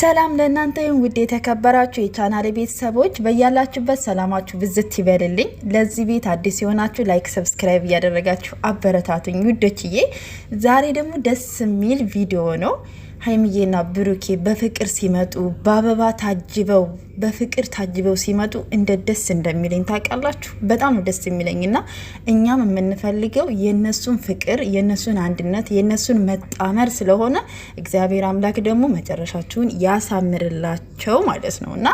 ሰላም ለእናንተ ይሁን ውድ የተከበራችሁ የቻናል ቤተሰቦች፣ በያላችሁበት ሰላማችሁ ብዝት ይበልልኝ። ለዚህ ቤት አዲስ የሆናችሁ ላይክ፣ ሰብስክራይብ እያደረጋችሁ አበረታቱኝ ውዶችዬ። ዛሬ ደግሞ ደስ የሚል ቪዲዮ ነው። ሀይሚዬና ብሩኬ በፍቅር ሲመጡ በአበባ ታጅበው በፍቅር ታጅበው ሲመጡ እንደ ደስ እንደሚለኝ ታውቃላችሁ። በጣም ደስ የሚለኝ እና እኛም የምንፈልገው የነሱን ፍቅር፣ የነሱን አንድነት፣ የነሱን መጣመር ስለሆነ እግዚአብሔር አምላክ ደግሞ መጨረሻችሁን ያሳምርላቸው ማለት ነው እና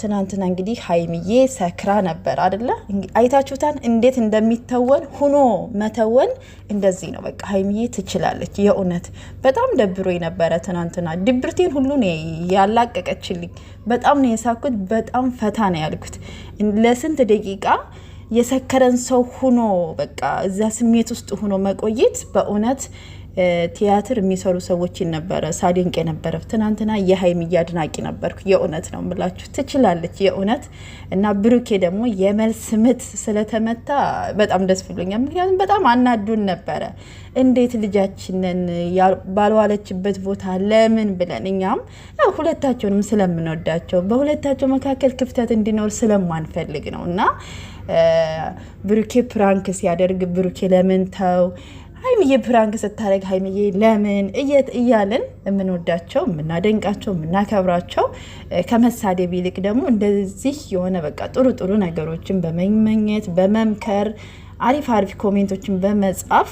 ትናንትና እንግዲህ ሀይሚዬ ሰክራ ነበር አደለ? አይታችሁታን እንዴት እንደሚተወን ሁኖ መተወን እንደዚህ ነው። በቃ ሀይሚዬ ትችላለች። የእውነት በጣም ደብሮ የነበረ ትናንትና ድብርቴን ሁሉ ያላቀቀችልኝ። በጣም ነው የሳኩት። በጣም ፈታ ነው ያልኩት ለስንት ደቂቃ የሰከረን ሰው ሁኖ በቃ እዛ ስሜት ውስጥ ሁኖ መቆየት በእውነት ቲያትር የሚሰሩ ሰዎችን ነበረ ሳዲንቅ የነበረ ትናንትና የሀይሚ አድናቂ ነበርኩ። የእውነት ነው ምላችሁ ትችላለች የእውነት እና ብሩኬ ደግሞ የመልስ ምት ስለተመታ በጣም ደስ ብሎኛል። ምክንያቱም በጣም አናዱን ነበረ። እንዴት ልጃችንን ባልዋለችበት ቦታ ለምን ብለን እኛም ሁለታቸውንም ስለምንወዳቸው በሁለታቸው መካከል ክፍተት እንዲኖር ስለማንፈልግ ነው እና ብሩኬ ፕራንክ ሲያደርግ ብሩኬ ለምን ተው ሀይምዬ ፕራንክ ስታደረግ ሀይምዬ ለምን እየት እያልን የምንወዳቸው የምናደንቃቸው የምናከብራቸው ከመሳደብ ይልቅ ደግሞ እንደዚህ የሆነ በቃ ጥሩ ጥሩ ነገሮችን በመመኘት በመምከር አሪፍ አሪፍ ኮሜንቶችን በመጻፍ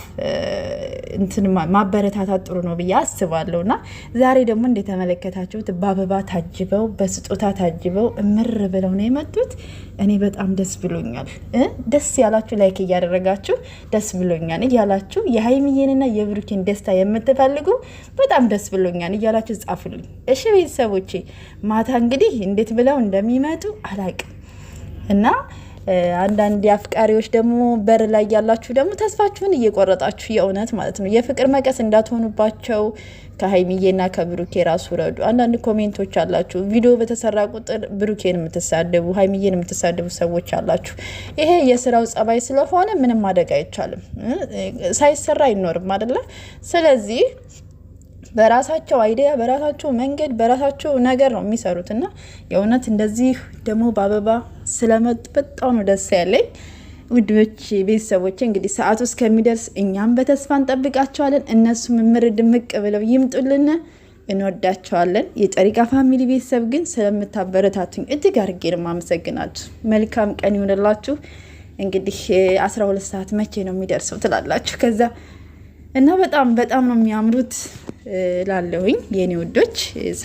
እንትን ማበረታታት ጥሩ ነው ብዬ አስባለሁ። እና ዛሬ ደግሞ እንደተመለከታችሁት በአበባ ታጅበው በስጦታ ታጅበው እምር ብለው ነው የመጡት። እኔ በጣም ደስ ብሎኛል። ደስ ያላችሁ ላይክ እያደረጋችሁ ደስ ብሎኛል እያላችሁ የሀይሚዬንና የብሩኬን ደስታ የምትፈልጉ በጣም ደስ ብሎኛል እያላችሁ ጻፉልኝ። እሺ ቤተሰቦቼ፣ ማታ እንግዲህ እንዴት ብለው እንደሚመጡ አላቅም እና አንዳንድ አፍቃሪዎች ደግሞ በር ላይ ያላችሁ ደግሞ ተስፋችሁን እየቆረጣችሁ የእውነት ማለት ነው የፍቅር መቀስ እንዳትሆኑባቸው ከሀይሚዬና ከብሩኬ ራሱ ረዱ። አንዳንድ ኮሜንቶች አላችሁ፣ ቪዲዮ በተሰራ ቁጥር ብሩኬን የምትሳደቡ ሀይሚዬን የምትሳደቡ ሰዎች አላችሁ። ይሄ የስራው ጸባይ ስለሆነ ምንም ማደግ አይቻልም። ሳይሰራ አይኖርም አይደለ? ስለዚህ በራሳቸው አይዲያ በራሳቸው መንገድ በራሳቸው ነገር ነው የሚሰሩት እና የእውነት እንደዚህ ደግሞ በአበባ ስለመጡ በጣም ነው ደስ ያለኝ። ውድቦች ቤተሰቦች እንግዲህ ሰዓቱ እስከሚደርስ እኛም በተስፋ እንጠብቃቸዋለን። እነሱም ምር ድምቅ ብለው ይምጡልን። እንወዳቸዋለን። የጨሪቃ ፋሚሊ ቤተሰብ ግን ስለምታበረታቱኝ እጅግ አድርጌ ነው የማመሰግናችሁ። መልካም ቀን ይሆንላችሁ። እንግዲህ 12 ሰዓት መቼ ነው የሚደርሰው ትላላችሁ። ከዛ እና በጣም በጣም ነው የሚያምሩት ላለሁኝ የኔ ውዶች፣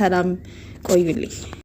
ሰላም ቆዩልኝ።